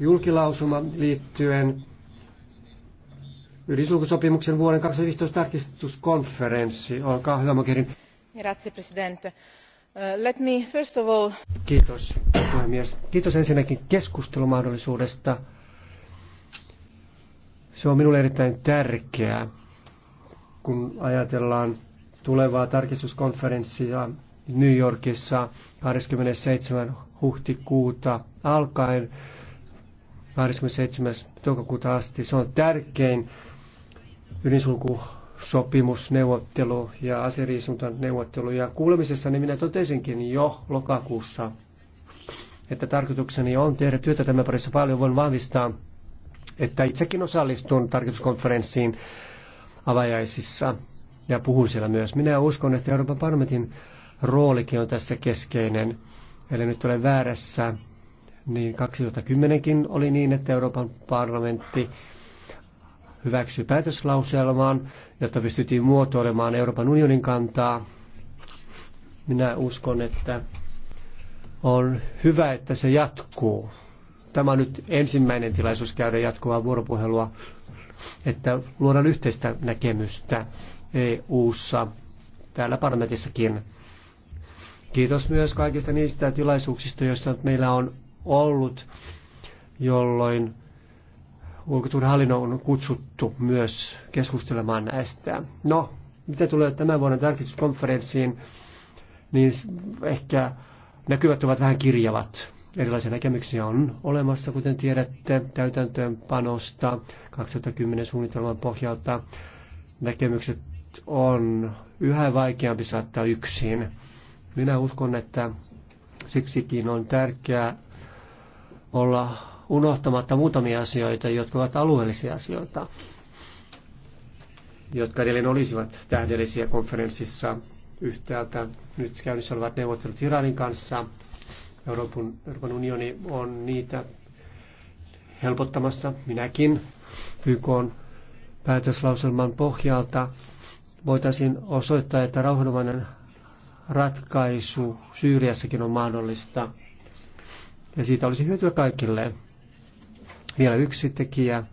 julkilausuma liittyen ydinsulkusopimuksen vuoden 2015 tarkistuskonferenssi. Olkaa hyvä, Mokerin. Grazie, Presidente. Eh, let me first of all... Kiitos, puhemies. Kiitos ensinnäkin keskustelumahdollisuudesta. Se on minulle erittäin tärkeää, kun ajatellaan tulevaa tarkistuskonferenssia New Yorkissa 27. huhtikuuta alkaen 27. toukokuuta asti. Se on tärkein ydinsulkusopimusneuvottelu ja aseriisuntan neuvottelu. Ja kuulemisessa niin minä totesinkin jo lokakuussa, että tarkoitukseni on tehdä työtä tämän parissa paljon. Voin vahvistaa, että itsekin osallistun tarkoituskonferenssiin avajaisissa ja puhun siellä myös. Minä uskon, että Euroopan parlamentin roolikin on tässä keskeinen. Eli nyt olen väärässä, niin 2010kin oli niin, että Euroopan parlamentti hyväksyi päätöslauselmaan, jotta pystyttiin muotoilemaan Euroopan unionin kantaa. Minä uskon, että on hyvä, että se jatkuu. Tämä on nyt ensimmäinen tilaisuus käydä jatkuvaa vuoropuhelua, että luodaan yhteistä näkemystä EU-ssa, täällä parlamentissakin. Kiitos myös kaikista niistä tilaisuuksista, joista meillä on ollut, jolloin hallinnon on kutsuttu myös keskustelemaan näistä. No, mitä tulee tämän vuoden tarkistuskonferenssiin, niin ehkä näkyvät ovat vähän kirjavat. Erilaisia näkemyksiä on olemassa, kuten tiedätte, täytäntöönpanosta 2010 suunnitelman pohjalta. Näkemykset on yhä vaikeampi saattaa yksin minä uskon, että siksikin on tärkeää olla unohtamatta muutamia asioita, jotka ovat alueellisia asioita, jotka edelleen olisivat tähdellisiä konferenssissa yhtäältä. Nyt käynnissä olevat neuvottelut Iranin kanssa. Euroopan, Euroopan unioni on niitä helpottamassa, minäkin, YK on päätöslauselman pohjalta voitaisiin osoittaa, että rauhanomainen ratkaisu Syyriassakin on mahdollista. Ja siitä olisi hyötyä kaikille. Vielä yksi tekijä,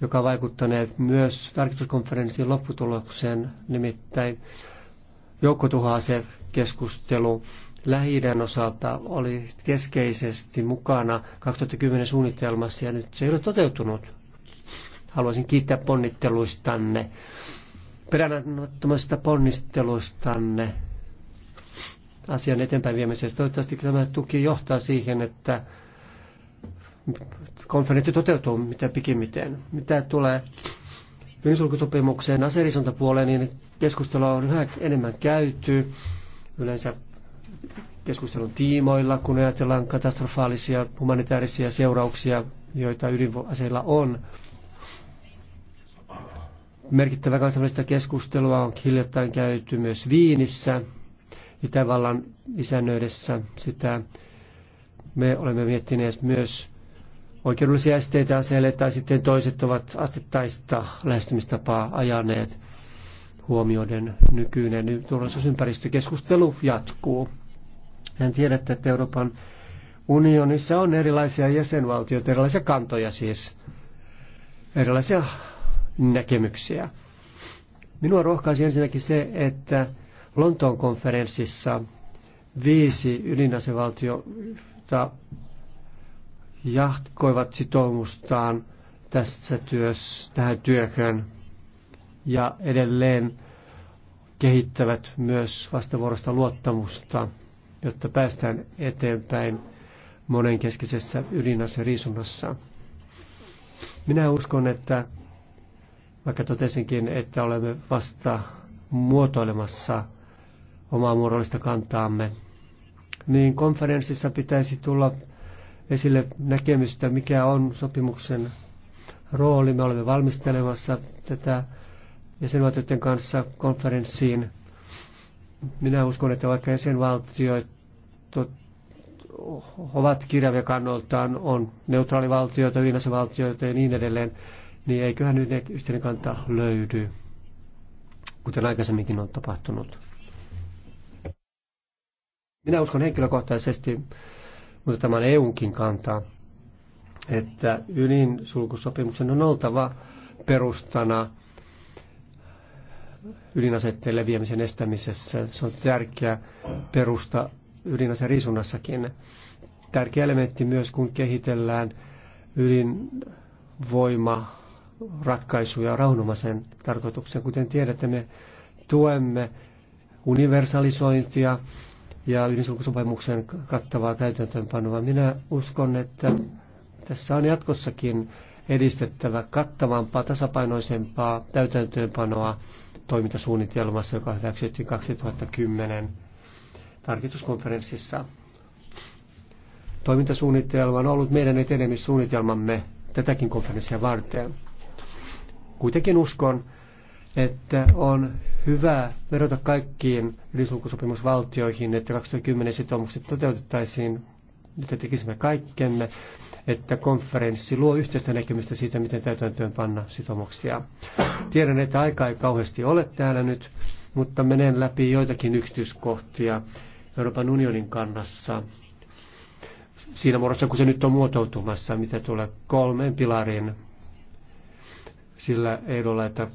joka vaikuttanee myös tarkistuskonferenssin lopputulokseen, nimittäin joukkotuhaase keskustelu lähi osalta oli keskeisesti mukana 2010 suunnitelmassa ja nyt se ei ole toteutunut. Haluaisin kiittää ponnitteluistanne, peräänottomasta ponnistelustanne asian eteenpäin viemisestä. Toivottavasti tämä tuki johtaa siihen, että konferenssi toteutuu mitä pikimmiten. Mitä tulee ydinsulkusopimukseen aseellisontapuoleen, niin keskustelua on yhä enemmän käyty. Yleensä keskustelun tiimoilla, kun ajatellaan katastrofaalisia humanitaarisia seurauksia, joita ydinaseilla on. Merkittävä kansainvälistä keskustelua on hiljattain käyty myös Viinissä – Itävallan isännöidessä sitä. Me olemme miettineet myös oikeudellisia esteitä aseelle tai sitten toiset ovat astettaista lähestymistapaa ajaneet huomioiden nykyinen turvallisuusympäristökeskustelu jatkuu. en tiedä, että Euroopan unionissa on erilaisia jäsenvaltioita, erilaisia kantoja siis, erilaisia näkemyksiä. Minua rohkaisi ensinnäkin se, että Lontoon konferenssissa viisi ydinasevaltiota jatkoivat sitoumustaan tässä työssä, tähän työhön ja edelleen kehittävät myös vastavuorosta luottamusta, jotta päästään eteenpäin monenkeskisessä ydinaseriisunnassa. Minä uskon, että vaikka totesinkin, että olemme vasta muotoilemassa omaa muodollista kantaamme, niin konferenssissa pitäisi tulla esille näkemystä, mikä on sopimuksen rooli. Me olemme valmistelemassa tätä jäsenvaltioiden kanssa konferenssiin. Minä uskon, että vaikka jäsenvaltiot ovat kirjavia kannoltaan, on neutraalivaltioita, ydinasevaltioita ja niin edelleen, niin eiköhän nyt yhteinen kanta löydy, kuten aikaisemminkin on tapahtunut. Minä uskon henkilökohtaisesti, mutta tämä on EUnkin kantaa, että ylin sulkusopimuksen on oltava perustana ydinaseiden leviämisen estämisessä. Se on tärkeä perusta ydinaseen risunnassakin. Tärkeä elementti myös, kun kehitellään ydinvoima ratkaisuja rauhanomaisen tarkoituksen. Kuten tiedätte, me tuemme universalisointia ja yhdisulkusopimuksen kattavaa täytäntöönpanoa. Minä uskon, että tässä on jatkossakin edistettävä kattavampaa, tasapainoisempaa täytäntöönpanoa toimintasuunnitelmassa, joka hyväksyttiin 2010 tarkistuskonferenssissa. Toimintasuunnitelma on ollut meidän etenemissuunnitelmamme tätäkin konferenssia varten. Kuitenkin uskon, että on hyvä vedota kaikkiin ylisulkusopimusvaltioihin, että 2010 sitoumukset toteutettaisiin, että tekisimme kaikkemme, että konferenssi luo yhteistä näkemystä siitä, miten täytäntöön panna sitoumuksia. Tiedän, että aika ei kauheasti ole täällä nyt, mutta menen läpi joitakin yksityiskohtia Euroopan unionin kannassa siinä muodossa, kun se nyt on muotoutumassa, mitä tulee kolmeen pilariin sillä ehdolla, että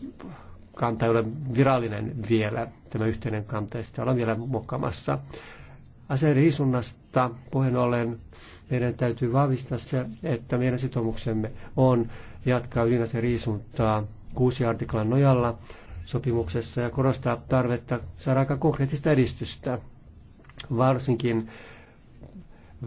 kanta ei ole virallinen vielä, tämä yhteinen kanta, ja sitä ollaan vielä mokkamassa. Aseen riisunnasta puheen ollen meidän täytyy vahvistaa se, että meidän sitoumuksemme on jatkaa ydinaseen riisuntaa kuusi artiklan nojalla sopimuksessa ja korostaa tarvetta saada aika konkreettista edistystä, varsinkin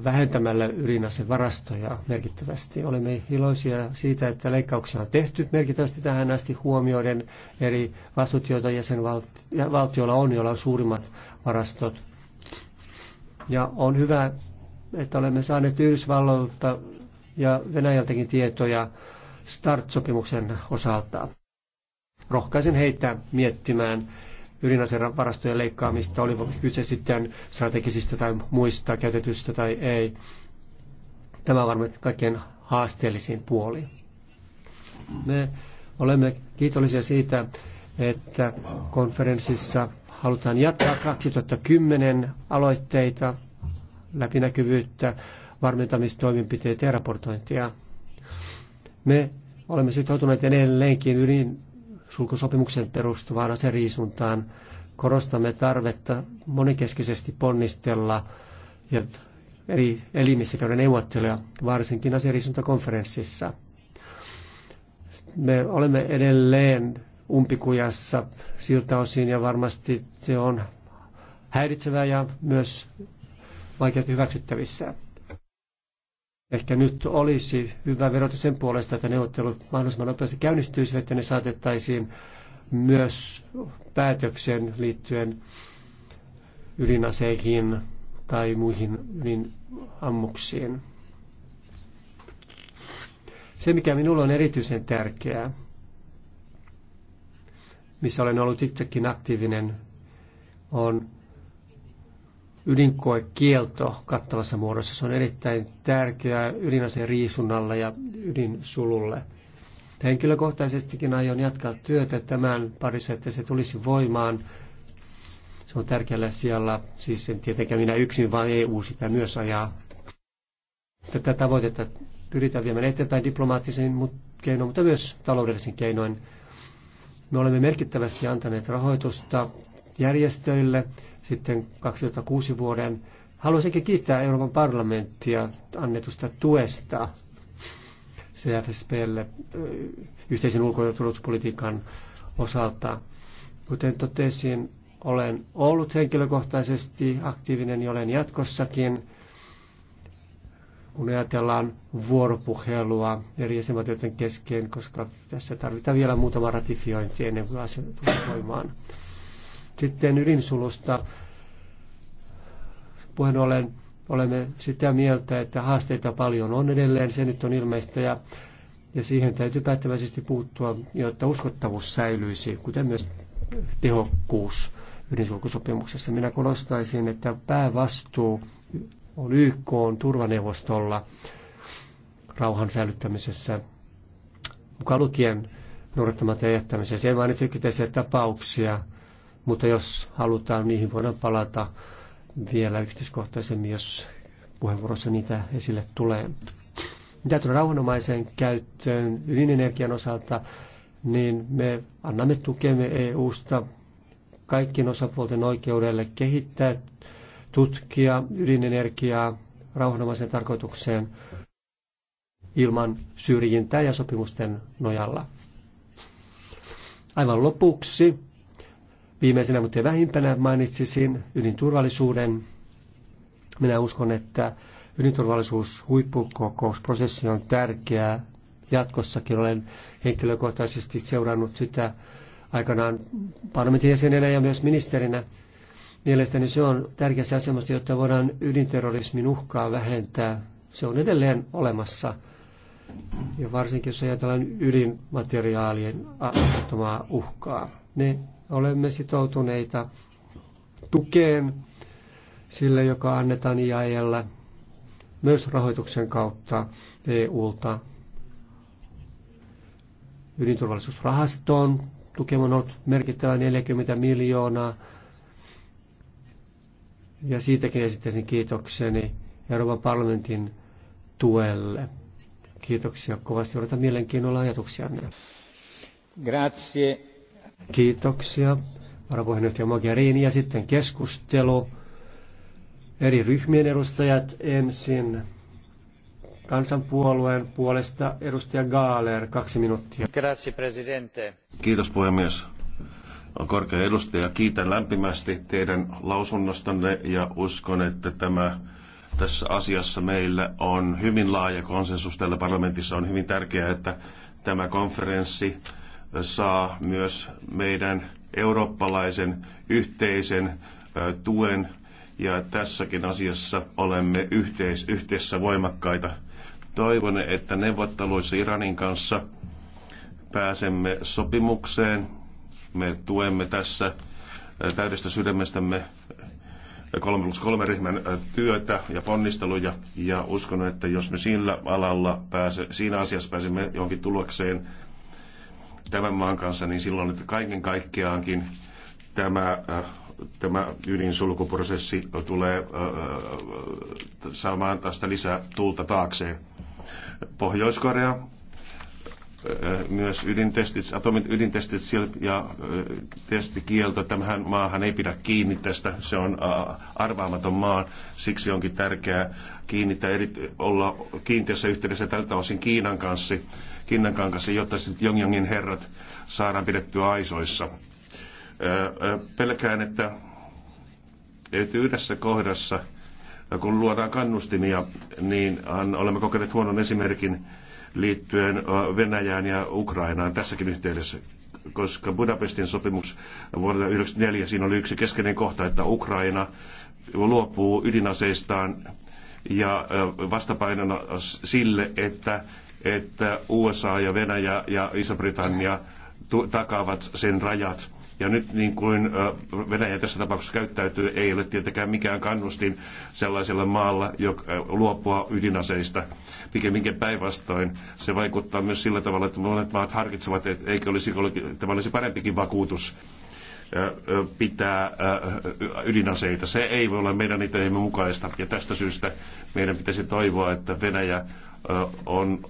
vähentämällä ydinasevarastoja merkittävästi. Olemme iloisia siitä, että leikkauksia on tehty merkittävästi tähän asti huomioiden eri vastuut, joita jäsenvaltioilla on, joilla on suurimmat varastot. Ja on hyvä, että olemme saaneet Yhdysvalloilta ja Venäjältäkin tietoja START-sopimuksen osalta. Rohkaisen heitä miettimään ydinaseiden varastojen leikkaamista, oli kyse sitten strategisista tai muista käytetystä tai ei. Tämä on varmasti kaikkein haasteellisin puoli. Me olemme kiitollisia siitä, että konferenssissa halutaan jatkaa 2010 aloitteita, läpinäkyvyyttä, varmentamistoimenpiteitä ja raportointia. Me olemme sitoutuneet edelleenkin ydin sulkusopimukseen perustuvaan aseriisuntaan. Korostamme tarvetta monikeskisesti ponnistella ja eri elimissä käydä neuvotteluja, varsinkin aseriisuntakonferenssissa. Me olemme edelleen umpikujassa siltä osin ja varmasti se on häiritsevää ja myös vaikeasti hyväksyttävissä. Ehkä nyt olisi hyvä verota sen puolesta, että neuvottelut mahdollisimman nopeasti käynnistyisivät, että ne saatettaisiin myös päätöksen liittyen ydinaseihin tai muihin ydinammuksiin. Se, mikä minulle on erityisen tärkeää, missä olen ollut itsekin aktiivinen, on ydinkoekielto kattavassa muodossa. Se on erittäin tärkeää ydinaseen riisunnalle ja ydinsululle. Henkilökohtaisestikin aion jatkaa työtä tämän parissa, että se tulisi voimaan. Se on tärkeällä sijalla, siis en tietenkään minä yksin, vaan EU sitä myös ajaa. Tätä tavoitetta pyritään viemään eteenpäin diplomaattisin keinoin, mutta myös taloudellisen keinoin. Me olemme merkittävästi antaneet rahoitusta järjestöille sitten 2006 vuoden. Haluaisinkin kiittää Euroopan parlamenttia annetusta tuesta CFSPlle yhteisen ulko- ja turvallisuuspolitiikan osalta. Kuten totesin, olen ollut henkilökohtaisesti aktiivinen ja olen jatkossakin, kun ajatellaan vuoropuhelua eri jäsenvaltioiden kesken, koska tässä tarvitaan vielä muutama ratifiointi ennen kuin asia tulee voimaan. Sitten ydinsulusta puheen ollen olemme sitä mieltä, että haasteita paljon on edelleen, se nyt on ilmeistä ja, ja siihen täytyy päättäväisesti puuttua, jotta uskottavuus säilyisi, kuten myös tehokkuus ydinsulkusopimuksessa. Minä korostaisin, että päävastuu on YK on turvaneuvostolla rauhan säilyttämisessä, mukaan lukien noudattamatta jättämisessä. En mainitse yksittäisiä tapauksia, mutta jos halutaan, niihin voidaan palata vielä yksityiskohtaisemmin, jos puheenvuorossa niitä esille tulee. Mitä tulee rauhanomaiseen käyttöön ydinenergian osalta, niin me annamme tukemme EU-sta kaikkien osapuolten oikeudelle kehittää, tutkia ydinenergiaa rauhanomaiseen tarkoitukseen ilman syrjintää ja sopimusten nojalla. Aivan lopuksi Viimeisenä, mutta vähimpänä mainitsisin ydinturvallisuuden. Minä uskon, että ydinturvallisuushuippukokousprosessi on tärkeää jatkossakin. Olen henkilökohtaisesti seurannut sitä aikanaan parlamentin jäsenenä ja myös ministerinä. Mielestäni se on tärkeässä asemassa, jotta voidaan ydinterrorismin uhkaa vähentää. Se on edelleen olemassa. Ja varsinkin jos ajatellaan ydinmateriaalien aiheuttamaa uhkaa. Ne Olemme sitoutuneita tukeen sille, joka annetaan IAEllä myös rahoituksen kautta EUlta ydinturvallisuusrahastoon. Tukemon on ollut merkittävä 40 miljoonaa. Ja siitäkin esittäisin kiitokseni Euroopan parlamentin tuelle. Kiitoksia kovasti. Odotan mielenkiinnolla ajatuksianne. Grazie. Kiitoksia varapuheenjohtaja Mogherini ja sitten keskustelu. Eri ryhmien edustajat ensin. Kansanpuolueen puolesta edustaja Gaaler, kaksi minuuttia. Grazie, presidente. Kiitos puhemies. Korkea edustaja, kiitän lämpimästi teidän lausunnostanne ja uskon, että tämä tässä asiassa meillä on hyvin laaja konsensus. Tällä parlamentissa on hyvin tärkeää, että tämä konferenssi saa myös meidän eurooppalaisen yhteisen tuen ja tässäkin asiassa olemme yhteis- yhteisessä voimakkaita. Toivon, että neuvotteluissa Iranin kanssa pääsemme sopimukseen. Me tuemme tässä täydestä sydämestämme 3 plus 3 ryhmän työtä ja ponnisteluja ja uskon, että jos me sillä alalla pääse, siinä asiassa pääsemme jonkin tulokseen, tämän maan kanssa, niin silloin että kaiken kaikkiaankin tämä, äh, tämä ydinsulkuprosessi tulee äh, äh, saamaan tästä lisää tuulta taakseen. Pohjois-Korea myös ydintestit, atomit ydintestit ja testikielto. Tämähän maahan ei pidä kiinni tästä, se on arvaamaton maa. Siksi onkin tärkeää kiinnittää eri, olla kiinteässä yhteydessä tältä osin Kiinan kanssa kanssa, jotta sitten Jongjongin herrat saadaan pidettyä aisoissa. Pelkään, että, että yhdessä kohdassa, kun luodaan kannustimia, niin olemme kokeneet huonon esimerkin liittyen Venäjään ja Ukrainaan tässäkin yhteydessä koska Budapestin sopimus vuodelta 1994, siinä oli yksi keskeinen kohta, että Ukraina luopuu ydinaseistaan ja vastapainona sille, että että USA ja Venäjä ja Iso-Britannia takaavat sen rajat. Ja nyt niin kuin Venäjä tässä tapauksessa käyttäytyy, ei ole tietenkään mikään kannustin sellaisella maalla joka luopua ydinaseista. Pikemminkin päinvastoin se vaikuttaa myös sillä tavalla, että monet maat harkitsevat, että eikö olisi, tämä olisi parempikin vakuutus pitää ydinaseita. Se ei voi olla meidän itseemme mukaista ja tästä syystä meidän pitäisi toivoa, että Venäjä on,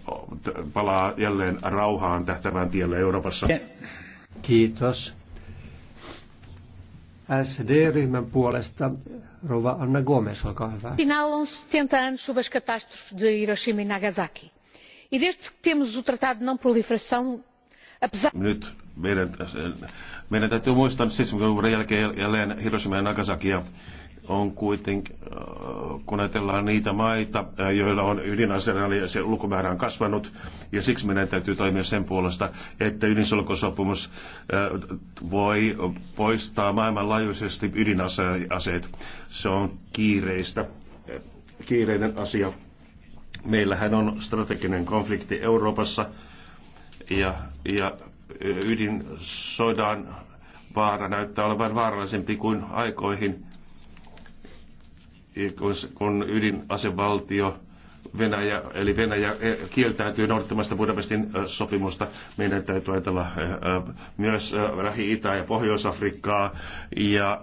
palaa jälleen rauhaan tähtävään tielle Euroopassa. Kiitos. SD-ryhmän puolesta Rova Anna Gomes, olkaa hyvä. Sinallon 70 anos sobre as catástrofes de Hiroshima e Nagasaki. E desde que temos o Tratado de Não Proliferação, apesar... Nyt meidän, meidän täytyy muistaa 70-luvun jälkeen jälleen Hiroshima ja Nagasakia on kuitenkin, äh, kun ajatellaan niitä maita, äh, joilla on ydinaseena ja se lukumäärä on kasvanut, ja siksi meidän täytyy toimia sen puolesta, että ydinsulkosopimus äh, voi poistaa maailmanlaajuisesti ydinaseet. Se on kiireistä, kiireinen asia. Meillähän on strateginen konflikti Euroopassa, ja, ja ydinsodan vaara näyttää olevan vaarallisempi kuin aikoihin kun ydinasevaltio Venäjä, eli Venäjä e, kieltäytyy noudattamasta Budapestin sopimusta. Meidän täytyy ajatella myös lähi itä ja Pohjois-Afrikkaa ja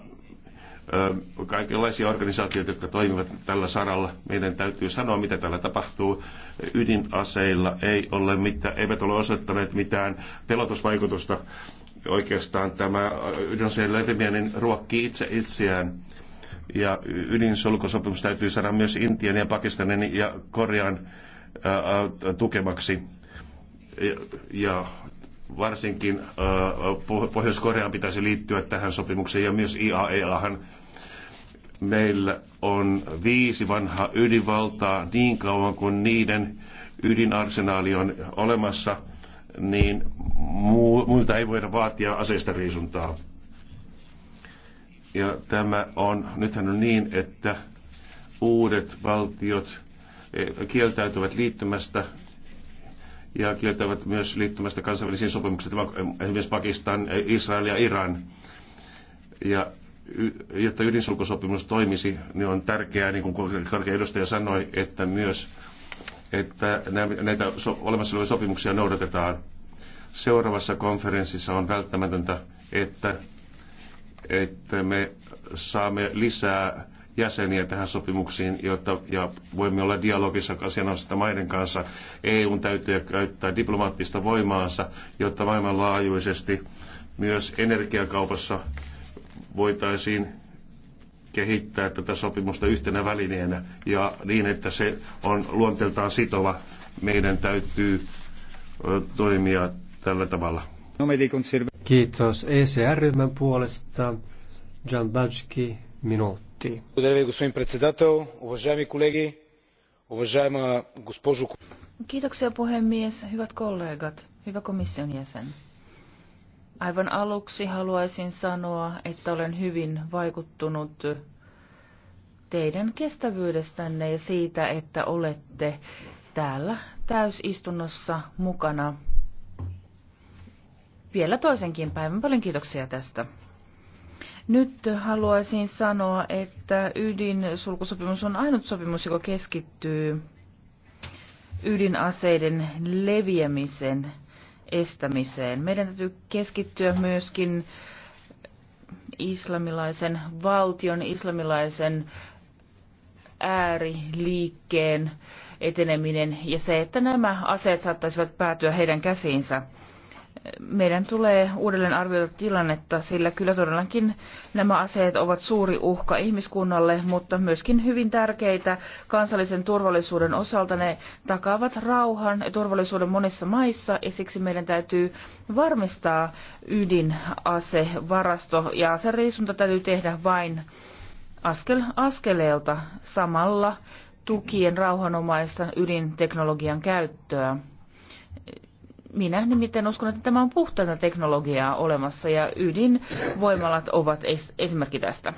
kaikenlaisia organisaatioita, jotka toimivat tällä saralla. Meidän täytyy sanoa, mitä täällä tapahtuu. Ydinaseilla ei ole mitään, eivät ole osoittaneet mitään pelotusvaikutusta. Oikeastaan tämä ydinaseen leviminen ruokkii itse itseään ja ydinsulkusopimus täytyy saada myös Intian ja Pakistanin ja Korean tukemaksi. Ja varsinkin Pohjois-Korean pitäisi liittyä tähän sopimukseen ja myös IAEAhan. Meillä on viisi vanhaa ydinvaltaa niin kauan kuin niiden ydinarsenaali on olemassa, niin muilta ei voida vaatia aseista riisuntaa. Ja tämä on, nythän on niin, että uudet valtiot eh, kieltäytyvät liittymästä ja kieltävät myös liittymästä kansainvälisiin sopimuksiin, eh, esimerkiksi Pakistan, eh, Israel ja Iran. Ja jotta ydinsulkusopimus toimisi, niin on tärkeää, niin kuin korkea edustaja sanoi, että myös että näitä olemassa olevia sopimuksia noudatetaan. Seuraavassa konferenssissa on välttämätöntä, että että me saamme lisää jäseniä tähän sopimuksiin, jotta ja voimme olla dialogissa asianosaisten maiden kanssa. EUn täytyy käyttää diplomaattista voimaansa, jotta maailmanlaajuisesti myös energiakaupassa voitaisiin kehittää tätä sopimusta yhtenä välineenä ja niin, että se on luonteeltaan sitova. Meidän täytyy toimia tällä tavalla. Kiitos ECR-ryhmän puolesta. Jan Bajki, minuutti. Kiitoksia puhemies, hyvät kollegat, hyvä komission jäsen. Aivan aluksi haluaisin sanoa, että olen hyvin vaikuttunut teidän kestävyydestänne ja siitä, että olette täällä täysistunnossa mukana vielä toisenkin päivän. Paljon kiitoksia tästä. Nyt haluaisin sanoa, että ydinsulkusopimus on ainut sopimus, joka keskittyy ydinaseiden leviämisen estämiseen. Meidän täytyy keskittyä myöskin islamilaisen valtion, islamilaisen ääriliikkeen eteneminen ja se, että nämä aseet saattaisivat päätyä heidän käsiinsä meidän tulee uudelleen arvioida tilannetta, sillä kyllä todellakin nämä aseet ovat suuri uhka ihmiskunnalle, mutta myöskin hyvin tärkeitä kansallisen turvallisuuden osalta. Ne takaavat rauhan ja turvallisuuden monissa maissa ja siksi meidän täytyy varmistaa ydinasevarasto ja aseriisunta täytyy tehdä vain askel askeleelta samalla tukien rauhanomaista ydinteknologian käyttöä. Minä nimittäin uskon, että tämä on puhtaita teknologiaa olemassa ja ydinvoimalat ovat es- esimerkki tästä.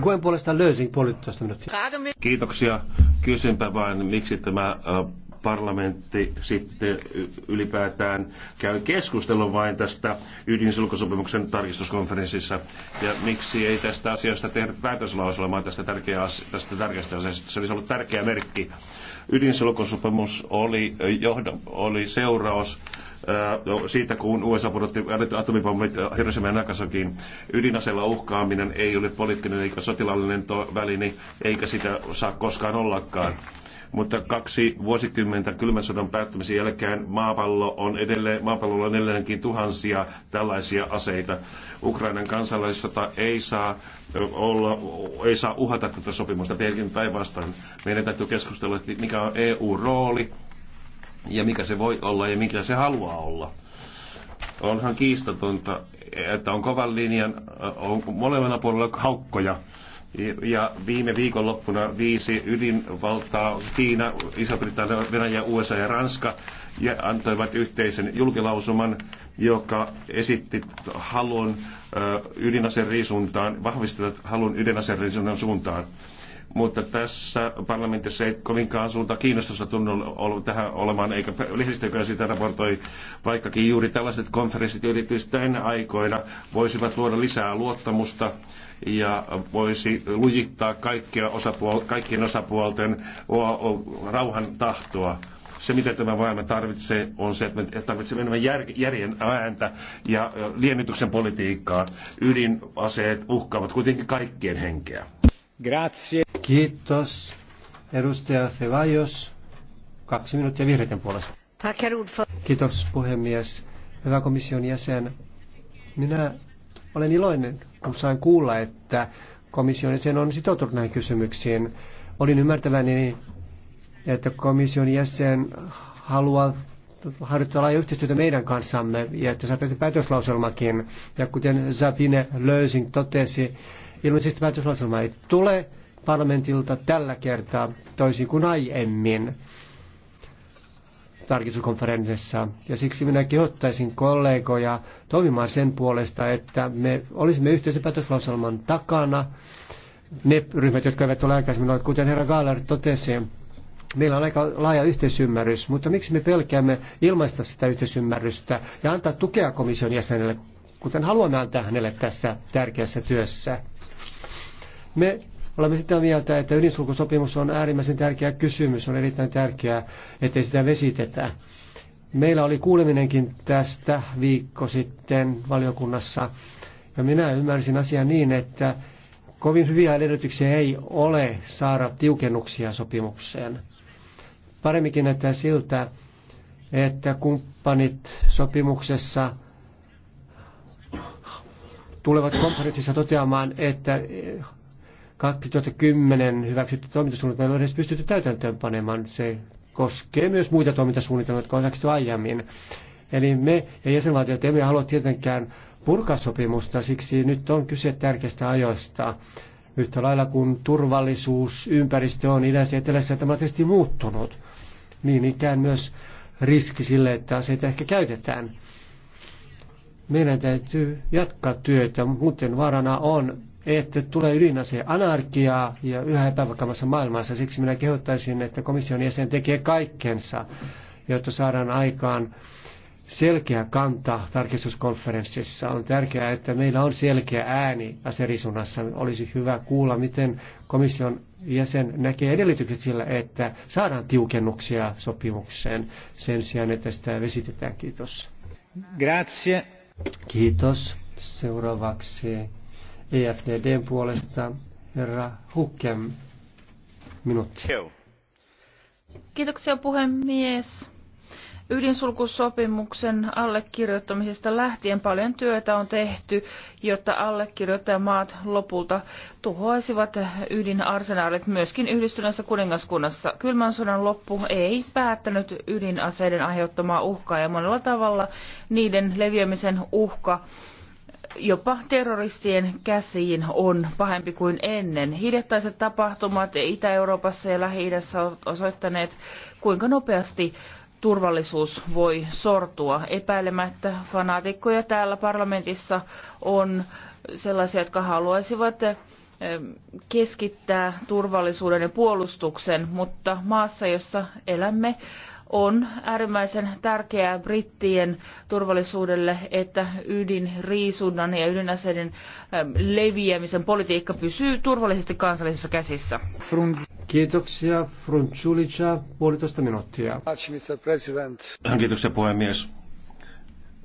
Koen puolesta löysin puolitoista minuuttia. Kiitoksia. Kysynpä vain, miksi tämä äh, parlamentti sitten ylipäätään käy keskustelun vain tästä ydinsulkusopimuksen tarkistuskonferenssissa ja miksi ei tästä asiasta tehdä päätöslauselmaa tästä, tärkeä, tästä tärkeästä asiasta. Se olisi ollut tärkeä merkki. Ydinsulkusopimus oli, johdo, oli seuraus siitä, kun USA pudotti atomipommit Hiroshima ja Nagasakiin. Ydinaseella uhkaaminen ei ole poliittinen eikä sotilaallinen väline, eikä sitä saa koskaan ollakaan. Mutta kaksi vuosikymmentä kylmän sodan päättymisen jälkeen maapallo on edelleen, maapallolla on edelleenkin tuhansia tällaisia aseita. Ukrainan kansalaissota ei saa, olla, ei saa uhata tätä sopimusta pelkin päinvastoin. Meidän täytyy keskustella, että mikä on EU-rooli ja mikä se voi olla ja mikä se haluaa olla onhan kiistatonta, että on kovan linjan, on molemmilla puolella haukkoja ja viime viikonloppuna viisi ydinvaltaa, Kiina, Iso-Britannia, Venäjä, USA ja Ranska, ja antoivat yhteisen julkilausuman, joka esitti halun ydinaseriisuntaan, vahvistivat halun ydinaseriisunnan suuntaan. Mutta tässä parlamentissa ei kovinkaan suunta kiinnostusta tunnu ollut tähän olemaan, eikä lehdistökään sitä raportoi, vaikkakin juuri tällaiset konferenssit erityisesti aina aikoina voisivat luoda lisää luottamusta ja voisi lujittaa kaikkia osapuol- kaikkien osapuolten rauhan tahtoa se, mitä tämä maailma tarvitsee, on se, että me tarvitsemme enemmän järjen ääntä ja liennytyksen politiikkaa. Ydinaseet uhkaavat kuitenkin kaikkien henkeä. Grazie. Kiitos. Edustaja Fevajos, kaksi minuuttia vihreiden puolesta. Kiitos puhemies. Hyvä komission jäsen. Minä olen iloinen, kun sain kuulla, että komission sen on sitoutunut näihin kysymyksiin. Olin ymmärtäväni, että komission jäsen haluaa harjoittaa laajaa yhteistyötä meidän kanssamme ja että saataisiin päätöslauselmakin. Ja kuten Zabine Löysing totesi, ilmeisesti päätöslauselma ei tule parlamentilta tällä kertaa toisin kuin aiemmin tarkistuskonferenssissa. Ja siksi minä kehottaisin kollegoja toimimaan sen puolesta, että me olisimme yhteisen päätöslauselman takana. Ne ryhmät, jotka eivät ole aikaisemmin kuten herra Gaaler totesi, meillä on aika laaja yhteisymmärrys, mutta miksi me pelkäämme ilmaista sitä yhteisymmärrystä ja antaa tukea komission jäsenelle, kuten haluamme antaa hänelle tässä tärkeässä työssä. Me Olemme sitä mieltä, että ydinsulkusopimus on äärimmäisen tärkeä kysymys, on erittäin tärkeää, ettei sitä vesitetä. Meillä oli kuuleminenkin tästä viikko sitten valiokunnassa, ja minä ymmärsin asian niin, että kovin hyviä edellytyksiä ei ole saada tiukennuksia sopimukseen. Paremminkin näyttää siltä, että kumppanit sopimuksessa tulevat konferenssissa toteamaan, että 2010 hyväksytty toimintasuunnitelma ei ole edes pystytty täytäntöön panemaan. Se koskee myös muita toimintasuunnitelmia, jotka on hyväksytty aiemmin. Eli me ja jäsenvaltiot emme halua tietenkään purkaa sopimusta, siksi nyt on kyse tärkeistä ajoista. Yhtä lailla kuin turvallisuus, ympäristö on idässä ja etelässä tämä on tietysti muuttunut. Niin ikään myös riski sille, että aseita ehkä käytetään. Meidän täytyy jatkaa työtä, muuten vaarana on, että tulee ydinase anarkiaa ja yhä epävakaammassa maailmassa. Siksi minä kehottaisin, että komission jäsen tekee kaikkensa, jotta saadaan aikaan selkeä kanta tarkistuskonferenssissa. On tärkeää, että meillä on selkeä ääni aserisunnassa. Olisi hyvä kuulla, miten komission jäsen näkee edellytykset sillä, että saadaan tiukennuksia sopimukseen sen sijaan, että sitä vesitetään. Kiitos. Grazie. Kiitos. Seuraavaksi EFDDn puolesta herra Hukem. Minuutti. Kiitoksia puhemies. Ydinsulkusopimuksen allekirjoittamisesta lähtien paljon työtä on tehty, jotta allekirjoittajamaat lopulta tuhoaisivat ydinarsenaalit myöskin yhdistyneessä kuningaskunnassa. Kylmän sodan loppu ei päättänyt ydinaseiden aiheuttamaa uhkaa ja monella tavalla niiden leviämisen uhka jopa terroristien käsiin on pahempi kuin ennen. Hiljattaiset tapahtumat Itä-Euroopassa ja Lähi-idässä ovat osoittaneet, kuinka nopeasti turvallisuus voi sortua. Epäilemättä fanaatikkoja täällä parlamentissa on sellaisia, jotka haluaisivat eh, keskittää turvallisuuden ja puolustuksen, mutta maassa, jossa elämme, on äärimmäisen tärkeää brittien turvallisuudelle, että ydinriisunnan ja ydinaseiden ähm, leviämisen politiikka pysyy turvallisesti kansallisissa käsissä. Kiitoksia. Frunzulica, puolitoista minuuttia. Kiitoksia puhemies.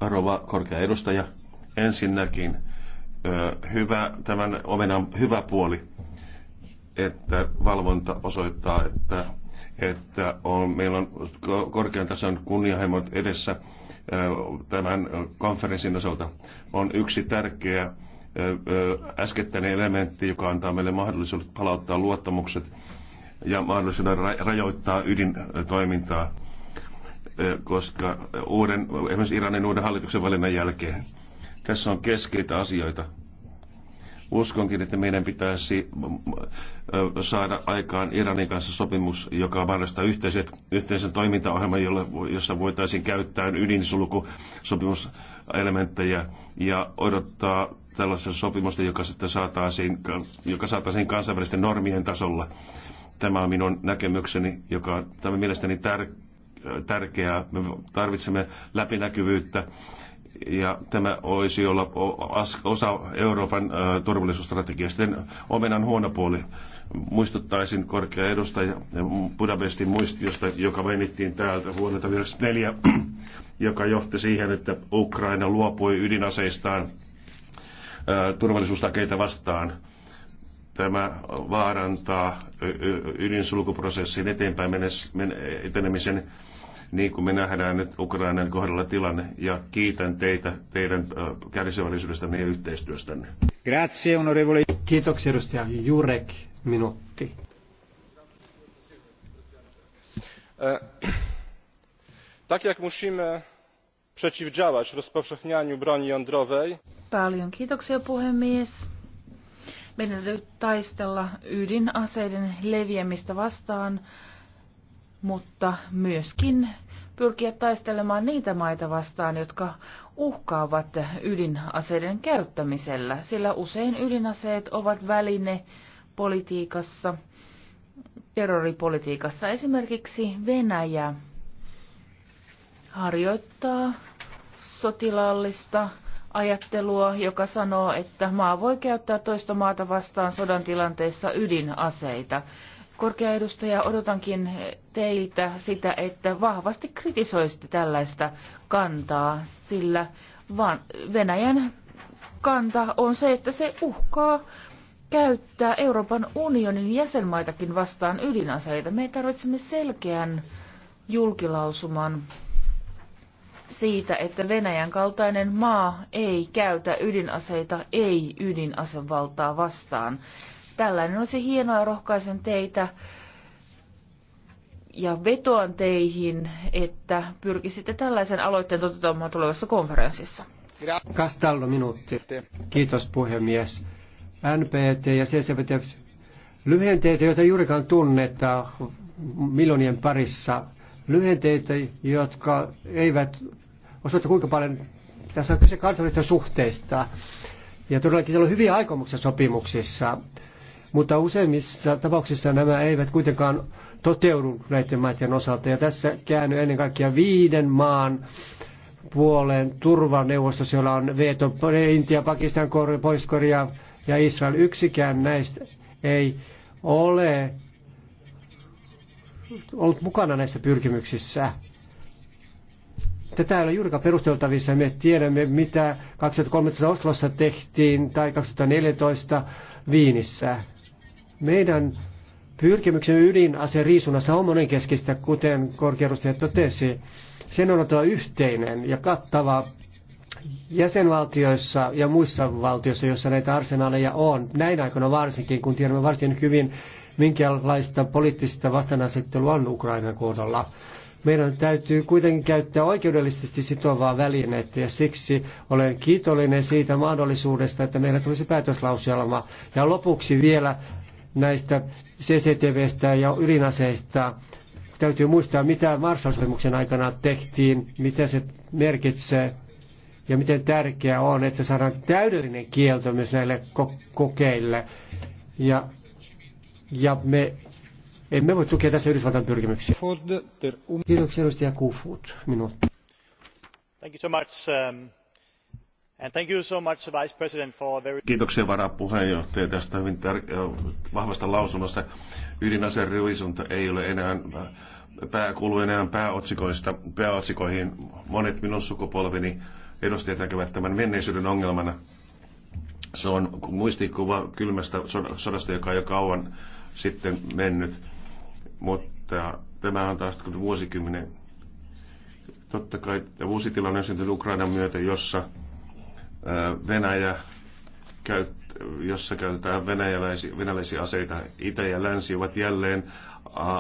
rova korkea edustaja. Ensinnäkin hyvä, tämän omenan hyvä puoli, että valvonta osoittaa, että että on, meillä on korkean tason kunnianhimot edessä tämän konferenssin osalta. On yksi tärkeä äskettäinen elementti, joka antaa meille mahdollisuudet palauttaa luottamukset ja mahdollisuuden rajoittaa ydintoimintaa, koska uuden, esimerkiksi Iranin uuden hallituksen valinnan jälkeen tässä on keskeitä asioita, Uskonkin, että meidän pitäisi saada aikaan Iranin kanssa sopimus, joka mahdollistaa yhteiset, yhteisen toimintaohjelman, jolle, jossa voitaisiin käyttää ydinsulkusopimuselementtejä ja odottaa tällaisen sopimusta, joka sitten saataisiin, joka saataisiin kansainvälisten normien tasolla. Tämä on minun näkemykseni, joka on tämä mielestäni tär, tärkeää. Me tarvitsemme läpinäkyvyyttä ja tämä olisi olla osa Euroopan turvallisuusstrategiasta. Omenan huono puoli. Muistuttaisin korkea edustaja Budapestin muistiosta, joka mainittiin täältä vuonna 1994, joka johti siihen, että Ukraina luopui ydinaseistaan turvallisuustakeita vastaan. Tämä vaarantaa ydinsulkuprosessin eteenpäin etenemisen niin kuin me nähdään nyt Ukrainan kohdalla tilanne. Ja kiitän teitä teidän kärsivällisyydestänne ja yhteistyöstänne. Grazie, onorevole. Kiitoksia, edustaja Jurek. Minuutti. E, tak jak musimy przeciwdziałać rozpowszechnianiu broni jądrowej. Paljon kiitoksia puhemies. Meidän täytyy taistella ydinaseiden leviämistä vastaan mutta myöskin pyrkiä taistelemaan niitä maita vastaan, jotka uhkaavat ydinaseiden käyttämisellä, sillä usein ydinaseet ovat väline politiikassa, terroripolitiikassa. Esimerkiksi Venäjä harjoittaa sotilaallista ajattelua, joka sanoo, että maa voi käyttää toista maata vastaan sodan tilanteessa ydinaseita. Korkea edustaja, odotankin teiltä sitä, että vahvasti kritisoisitte tällaista kantaa, sillä vaan Venäjän kanta on se, että se uhkaa käyttää Euroopan unionin jäsenmaitakin vastaan ydinaseita. Me tarvitsemme selkeän julkilausuman siitä, että Venäjän kaltainen maa ei käytä ydinaseita, ei ydinasevaltaa vastaan. Tällainen se hienoa ja rohkaisen teitä ja vetoan teihin, että pyrkisitte tällaisen aloitteen toteuttamaan tulevassa konferenssissa. Kastallo minuutti. Kiitos puhemies. NPT ja CCVT lyhenteitä, joita juurikaan tunnetta miljoonien parissa. Lyhenteitä, jotka eivät osoita kuinka paljon tässä on kyse kansainvälisistä suhteista. Ja todellakin siellä on hyviä aikomuksia sopimuksissa mutta useimmissa tapauksissa nämä eivät kuitenkaan toteudu näiden maiden osalta. Ja tässä käänny ennen kaikkea viiden maan puoleen turvaneuvosto, jolla on veto Intia, Pakistan, Pohjois-Korea ja Israel. Yksikään näistä ei ole ollut mukana näissä pyrkimyksissä. Tätä ei ole juurikaan perusteltavissa. Me tiedämme, mitä 2013 Oslossa tehtiin tai 2014 Viinissä. Meidän pyrkimyksen ydinase riisunnassa on monenkeskistä, kuten korkeudustaja totesi. Sen on oltava yhteinen ja kattava jäsenvaltioissa ja muissa valtioissa, joissa näitä arsenaaleja on, näin aikoina varsinkin, kun tiedämme varsin hyvin, minkälaista poliittista vastaanasettelua on Ukrainan kohdalla. Meidän täytyy kuitenkin käyttää oikeudellisesti sitovaa välineettä. ja siksi olen kiitollinen siitä mahdollisuudesta, että meillä tulisi päätöslauselma. Ja lopuksi vielä näistä CCTVstä ja ydinaseista. Täytyy muistaa, mitä Marshall-sopimuksen aikana tehtiin, mitä se merkitsee ja miten tärkeää on, että saadaan täydellinen kielto myös näille kokeille. Ja, ja me emme voi tukea tässä Yhdysvaltain pyrkimyksiä. Kiitoksia edustaja Kufut. Minuutti. Thank you so much, um... Kiitoksia varapuheenjohtaja tästä hyvin vahvasta lausunnosta. Ydinaseen riisunta ei ole enää kuulu enää pääotsikoista, pääotsikoihin. Monet minun sukupolveni edustajat näkevät tämän menneisyyden ongelmana. Se on muistikuva kylmästä sodasta, joka on jo kauan sitten mennyt. Mutta tämä on taas vuosikymmenen. Totta kai tilanne on syntynyt Ukrainan myötä, jossa Venäjä, jossa käytetään venäläisiä, venäläisiä aseita. Itä ja länsi ovat jälleen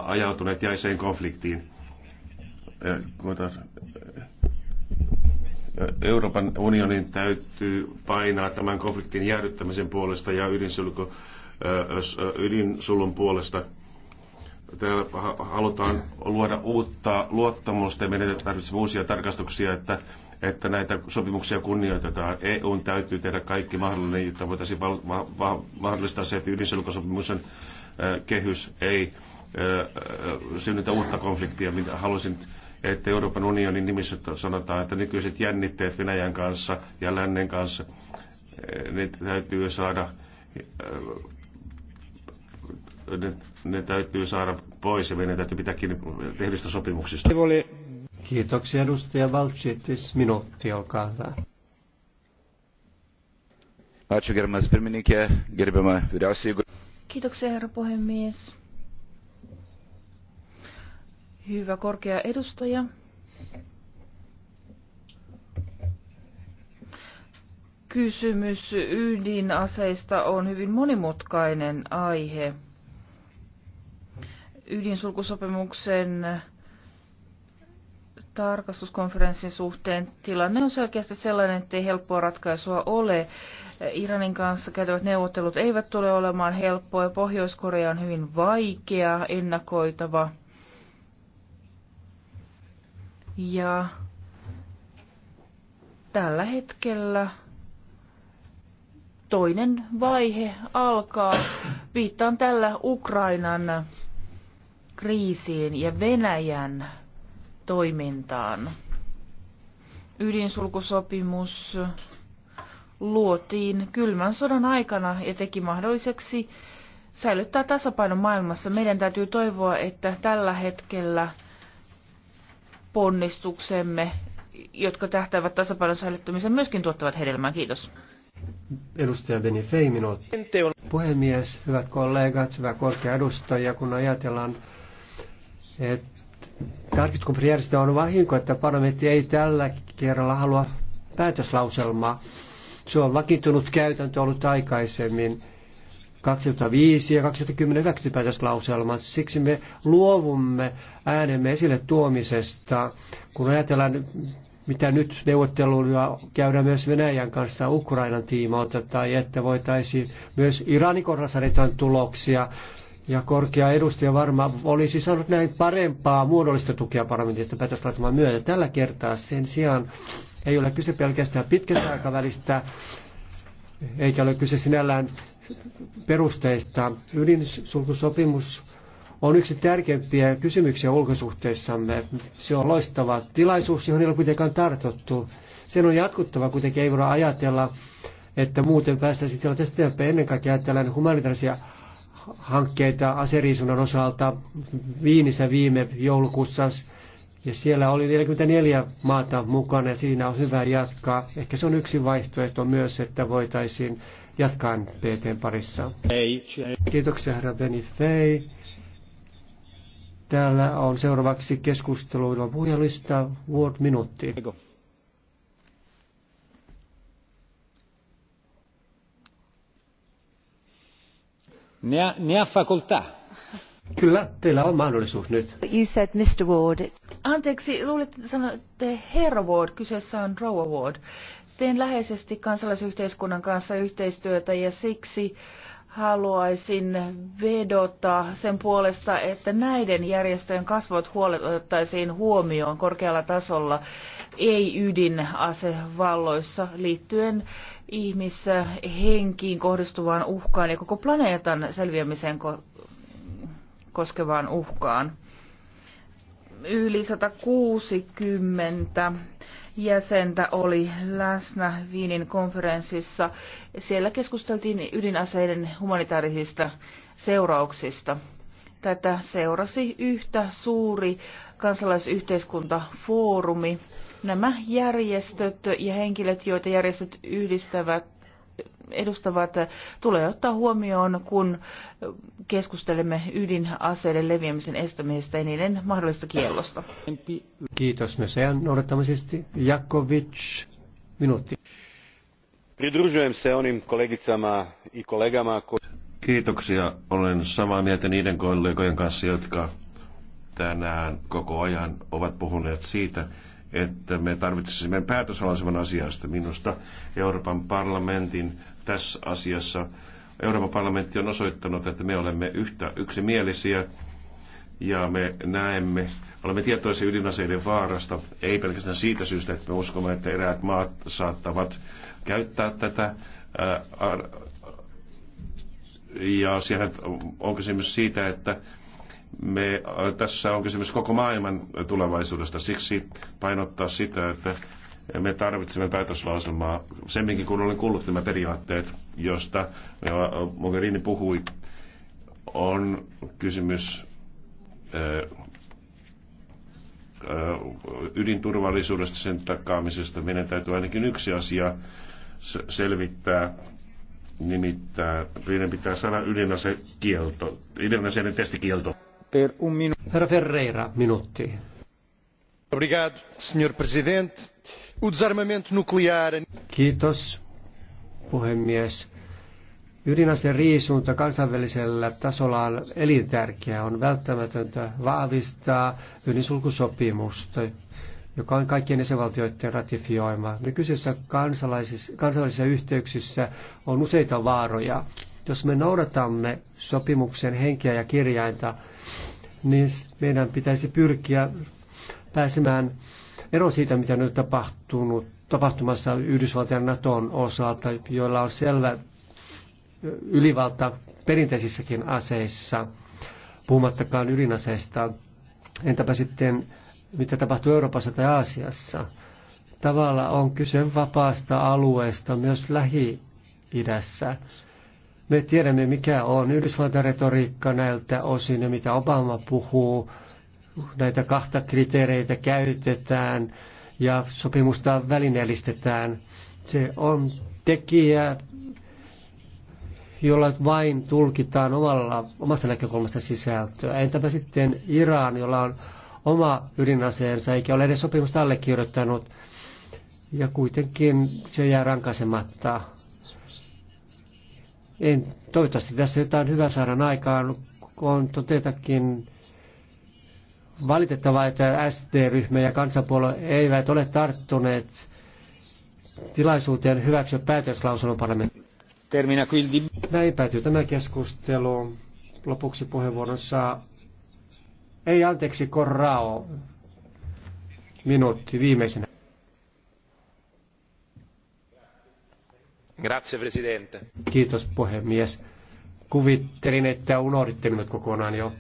ajautuneet jäiseen konfliktiin. Euroopan unionin täytyy painaa tämän konfliktin jäädyttämisen puolesta ja ydinsulku, ydinsulun puolesta. Täällä halutaan luoda uutta luottamusta ja meidän tarvitsemme uusia tarkastuksia, että että näitä sopimuksia kunnioitetaan. EUn täytyy tehdä kaikki mahdollinen, jotta voitaisiin mahdollistaa se, että ydinsulkasopimuksen kehys ei synnytä uutta konfliktia. mitä haluaisin, että Euroopan unionin nimissä sanotaan, että nykyiset jännitteet Venäjän kanssa ja lännen kanssa, ne täytyy saada ne, ne täytyy saada pois ja meidän täytyy pitää kiinni tehdyistä sopimuksista. Kiitoksia edustaja Valtsitis. Minuutti, olkaa hyvä. Kiitoksia herra puhemies. Hyvä korkea edustaja. Kysymys ydinaseista on hyvin monimutkainen aihe. Ydinsulkusopimuksen tarkastuskonferenssin suhteen tilanne on selkeästi sellainen, että ei helppoa ratkaisua ole. Iranin kanssa käytävät neuvottelut eivät tule olemaan helppoa ja Pohjois-Korea on hyvin vaikea, ennakoitava. Ja tällä hetkellä toinen vaihe alkaa. Viittaan tällä Ukrainan kriisiin ja Venäjän toimintaan. Ydinsulkusopimus luotiin kylmän sodan aikana ja teki mahdolliseksi säilyttää tasapaino maailmassa. Meidän täytyy toivoa, että tällä hetkellä ponnistuksemme, jotka tähtävät tasapainon säilyttämiseen, myöskin tuottavat hedelmää. Kiitos. Edustaja Beni Feiminot. Puhemies, hyvät kollegat, hyvä korkea edustaja, kun ajatellaan, että järjestö on vahinko, että parlamentti ei tällä kerralla halua päätöslauselmaa. Se on vakiintunut käytäntö ollut aikaisemmin. 2005 ja 2010 hyväksytypäätöslauselmat. Siksi me luovumme äänemme esille tuomisesta, kun ajatellaan, mitä nyt neuvotteluja käydään myös Venäjän kanssa Ukrainan tiimoilta, tai että voitaisiin myös Iranin kohdassa tuloksia ja korkea edustaja varma olisi saanut näin parempaa muodollista tukea parlamentista päätöslauselman myötä. Tällä kertaa sen sijaan ei ole kyse pelkästään pitkästä aikavälistä, eikä ole kyse sinällään perusteista. Ydinsulkusopimus on yksi tärkeimpiä kysymyksiä ulkosuhteissamme. Se on loistava tilaisuus, johon ei ole kuitenkaan tartottu. Sen on jatkuttava, kuitenkin ei voida ajatella, että muuten päästäisiin tilanteesta eteenpäin. Ennen kaikkea ajatellaan humanitaarisia hankkeita aseriisunnan osalta Viinissä viime joulukuussa. Ja siellä oli 44 maata mukana ja siinä on hyvä jatkaa. Ehkä se on yksi vaihtoehto myös, että voitaisiin jatkaa PT parissa. Kiitoksia herra Fei. Täällä on seuraavaksi keskusteluilla puhujalista Word Minuutti. Kyllä, teillä on mahdollisuus nyt. You said Mr. Ward. Anteeksi, luulitte, että sanotte herra Ward, kyseessä on Row Ward. Teen läheisesti kansalaisyhteiskunnan kanssa yhteistyötä ja siksi haluaisin vedota sen puolesta, että näiden järjestöjen kasvot huolettaisiin huomioon korkealla tasolla, ei ydinasevalloissa liittyen ihmishenkiin kohdistuvaan uhkaan ja koko planeetan selviämiseen ko- koskevaan uhkaan. Yli 160 jäsentä oli läsnä Viinin konferenssissa. Siellä keskusteltiin ydinaseiden humanitaarisista seurauksista. Tätä seurasi yhtä suuri kansalaisyhteiskuntafoorumi. Nämä järjestöt ja henkilöt, joita järjestöt yhdistävät edustavat, tulee ottaa huomioon, kun keskustelemme ydinaseiden leviämisen estämisestä ja niiden mahdollisesta kiellosta. Kiitos myös ajan noudattamisesti. Jakovic, minuutti. Pridružujem se onim kolegicama i kollegama. Kiitoksia. Olen samaa mieltä niiden kollegojen kanssa, jotka tänään koko ajan ovat puhuneet siitä, että me tarvitsisimme päätösalaisemman asiasta. Minusta Euroopan parlamentin tässä asiassa, Euroopan parlamentti on osoittanut, että me olemme yhtä yksimielisiä ja me näemme, olemme tietoisia ydinaseiden vaarasta, ei pelkästään siitä syystä, että me uskomme, että eräät maat saattavat käyttää tätä ja siihen on kysymys siitä, että me, tässä on kysymys koko maailman tulevaisuudesta. Siksi painottaa sitä, että me tarvitsemme päätöslauselmaa. Semminkin kun olen kuullut nämä periaatteet, josta Mogherini puhui, on kysymys äh, äh, ydinturvallisuudesta, sen takaamisesta. Meidän täytyy ainakin yksi asia selvittää, nimittäin meidän pitää saada ydinasekielto, kielto, ydinaseiden testikielto. Herra Ferreira, minuutti. Obrigado, senhor presidente. O desarmamento nuclear... Kiitos, puhemies. Ydinaseen riisunta kansainvälisellä tasolla on elintärkeää. On välttämätöntä vahvistaa ydinsulkusopimusta, joka on kaikkien jäsenvaltioiden ratifioima. Nykyisissä kansalaisissa, kansallisissa yhteyksissä on useita vaaroja. Jos me noudatamme sopimuksen henkeä ja kirjainta, niin meidän pitäisi pyrkiä pääsemään ero siitä, mitä nyt tapahtunut, tapahtumassa Yhdysvaltain Naton osalta, joilla on selvä ylivalta perinteisissäkin aseissa, puhumattakaan ydinaseista. Entäpä sitten, mitä tapahtuu Euroopassa tai Aasiassa? Tavalla on kyse vapaasta alueesta myös Lähi-idässä. Me tiedämme, mikä on Yhdysvaltain retoriikka näiltä osin ja mitä Obama puhuu. Näitä kahta kriteereitä käytetään ja sopimusta välineellistetään. Se on tekijä, jolla vain tulkitaan omalla, omasta näkökulmasta sisältöä. Entäpä sitten Iran, jolla on oma ydinaseensa, eikä ole edes sopimusta allekirjoittanut, ja kuitenkin se jää rankaisematta. En, toivottavasti tässä jotain hyvää saadaan aikaan, kun on totetakin valitettavaa, että SD-ryhmä ja kansanpuolue eivät ole tarttuneet tilaisuuteen hyväksyä päätöslausunnon parlamentti. Näin päätyy tämä keskustelu. Lopuksi puheenvuoron saa, ei anteeksi, Korrao, minuutti viimeisenä. Grazie, presidente. Kiitos puhemies. Kuvittelin, että unohditte minut kokonaan jo.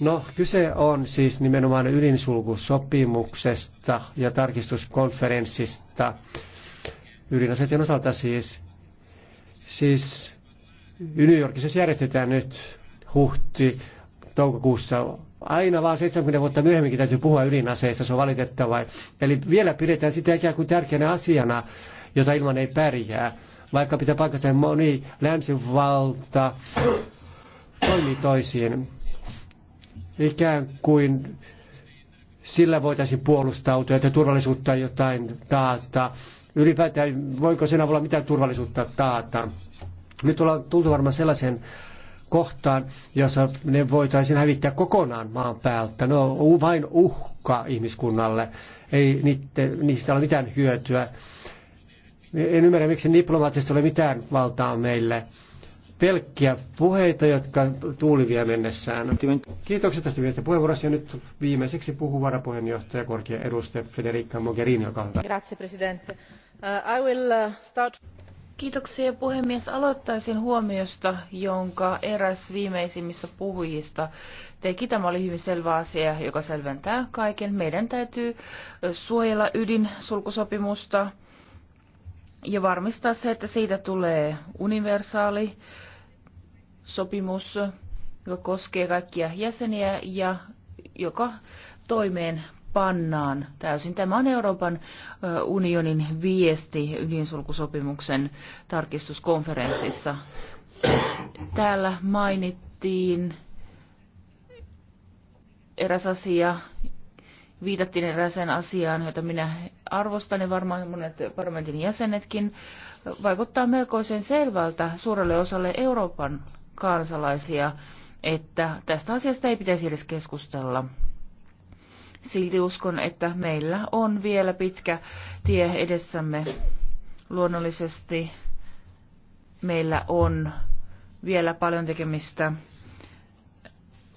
No, kyse on siis nimenomaan ydinsulkusopimuksesta ja tarkistuskonferenssista ydinaseiden osalta siis. Siis New Yorkissa järjestetään nyt huhti toukokuussa. Aina vaan 70 vuotta myöhemminkin täytyy puhua ydinaseista, se on valitettavaa. Eli vielä pidetään sitä ikään kuin tärkeänä asiana, jota ilman ei pärjää vaikka pitää paikkansa moni länsivalta toimii toisiin. Ikään kuin sillä voitaisiin puolustautua että turvallisuutta jotain taata. Ylipäätään voiko sen avulla mitään turvallisuutta taata? Nyt ollaan tultu varmaan sellaisen kohtaan, jossa ne voitaisiin hävittää kokonaan maan päältä. No vain uhka ihmiskunnalle, ei niitä, niistä ole mitään hyötyä. Niin en ymmärrä, miksi diplomaattisesti ole mitään valtaa meille. Pelkkiä puheita, jotka tuuli vie mennessään. Kiitokset tästä viidestä puheenvuorosta ja nyt viimeiseksi puhuu varapuheenjohtaja korkea edustaja Federica Mogherini, joka on hyvä. Grazie, presidente. Uh, I will uh, start... Kiitoksia puhemies. Aloittaisin huomiosta, jonka eräs viimeisimmistä puhujista teki. Tämä oli hyvin selvä asia, joka selventää kaiken. Meidän täytyy suojella ydinsulkusopimusta ja varmistaa se, että siitä tulee universaali sopimus, joka koskee kaikkia jäseniä ja joka toimeen pannaan täysin. Tämä on Euroopan unionin viesti ydinsulkusopimuksen tarkistuskonferenssissa. Täällä mainittiin eräs asia, viitattiin erääseen asiaan, jota minä arvostan ja varmaan monet parlamentin jäsenetkin, vaikuttaa melkoisen selvältä suurelle osalle Euroopan kansalaisia, että tästä asiasta ei pitäisi edes keskustella. Silti uskon, että meillä on vielä pitkä tie edessämme. Luonnollisesti meillä on vielä paljon tekemistä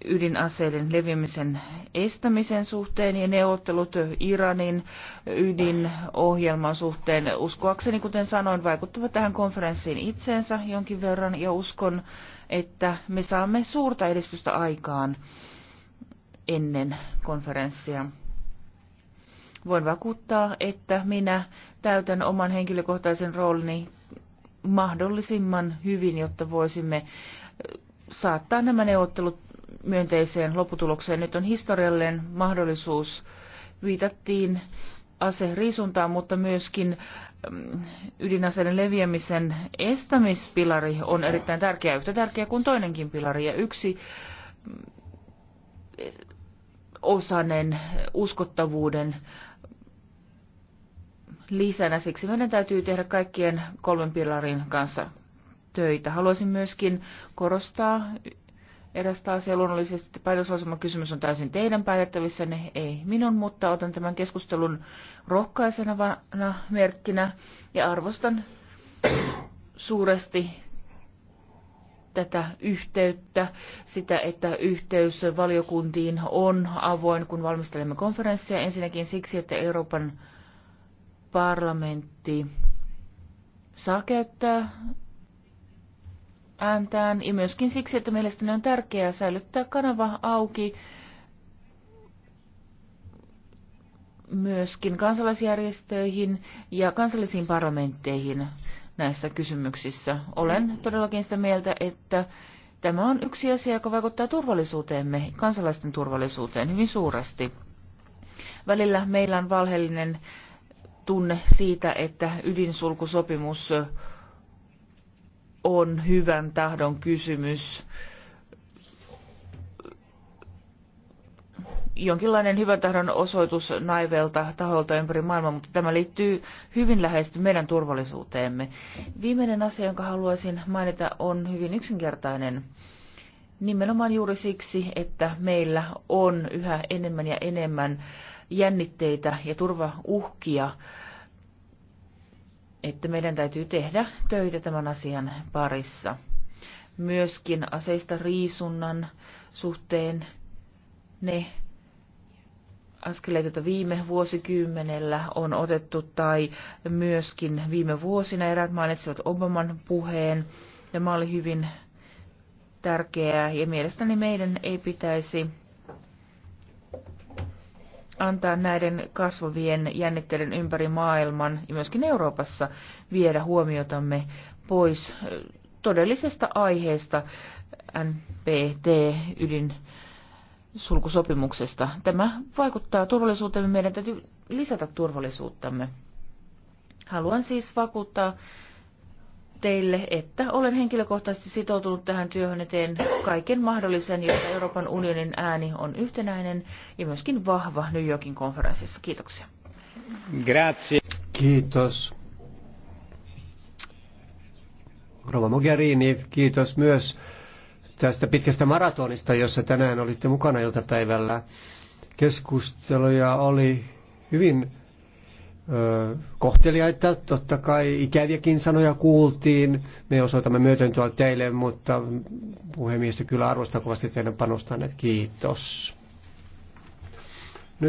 ydinaseiden leviämisen estämisen suhteen ja neuvottelut Iranin ydinohjelman suhteen uskoakseni, kuten sanoin, vaikuttavat tähän konferenssiin itseensä jonkin verran ja uskon, että me saamme suurta edistystä aikaan ennen konferenssia. Voin vakuuttaa, että minä täytän oman henkilökohtaisen roolini mahdollisimman hyvin, jotta voisimme saattaa nämä neuvottelut myönteiseen lopputulokseen. Nyt on historiallinen mahdollisuus. Viitattiin aseriisuntaan, mutta myöskin mm, ydinaseiden leviämisen estämispilari on erittäin tärkeä, yhtä tärkeä kuin toinenkin pilari. Ja yksi mm, osanen uskottavuuden lisänä. Siksi meidän täytyy tehdä kaikkien kolmen pilarin kanssa töitä. Haluaisin myöskin korostaa erästä asiaa luonnollisesti. Päätöslausuman kysymys on täysin teidän päätettävissänne, ei minun, mutta otan tämän keskustelun rohkaisena merkkinä ja arvostan suuresti tätä yhteyttä, sitä, että yhteys valiokuntiin on avoin, kun valmistelemme konferenssia. Ensinnäkin siksi, että Euroopan parlamentti saa käyttää ääntään ja myöskin siksi, että mielestäni on tärkeää säilyttää kanava auki myöskin kansalaisjärjestöihin ja kansallisiin parlamentteihin näissä kysymyksissä. Olen todellakin sitä mieltä, että tämä on yksi asia, joka vaikuttaa turvallisuuteemme, kansalaisten turvallisuuteen hyvin suuresti. Välillä meillä on valheellinen tunne siitä, että ydinsulkusopimus on hyvän tahdon kysymys. jonkinlainen hyvän tahdon osoitus naivelta taholta ympäri maailmaa, mutta tämä liittyy hyvin läheisesti meidän turvallisuuteemme. Viimeinen asia, jonka haluaisin mainita, on hyvin yksinkertainen. Nimenomaan juuri siksi, että meillä on yhä enemmän ja enemmän jännitteitä ja turvauhkia että meidän täytyy tehdä töitä tämän asian parissa. Myöskin aseista riisunnan suhteen ne askeleet, joita viime vuosikymmenellä on otettu, tai myöskin viime vuosina eräät mainitsivat Obaman puheen. Tämä oli hyvin tärkeää, ja mielestäni meidän ei pitäisi antaa näiden kasvavien jännitteiden ympäri maailman ja myöskin Euroopassa viedä huomiotamme pois todellisesta aiheesta NPT-ydin sulkusopimuksesta. Tämä vaikuttaa turvallisuuteemme. Meidän täytyy lisätä turvallisuuttamme. Haluan siis vakuuttaa teille, että olen henkilökohtaisesti sitoutunut tähän työhön eteen kaiken mahdollisen, jotta Euroopan unionin ääni on yhtenäinen ja myöskin vahva New Yorkin konferenssissa. Kiitoksia. Grazie. Kiitos. Rova Mogherini, kiitos myös tästä pitkästä maratonista, jossa tänään olitte mukana iltapäivällä. Keskusteluja oli hyvin kohteliaita. Totta kai ikäviäkin sanoja kuultiin. Me osoitamme myötäntöä teille, mutta puhemies kyllä arvostaa kovasti teidän panostanne. Kiitos.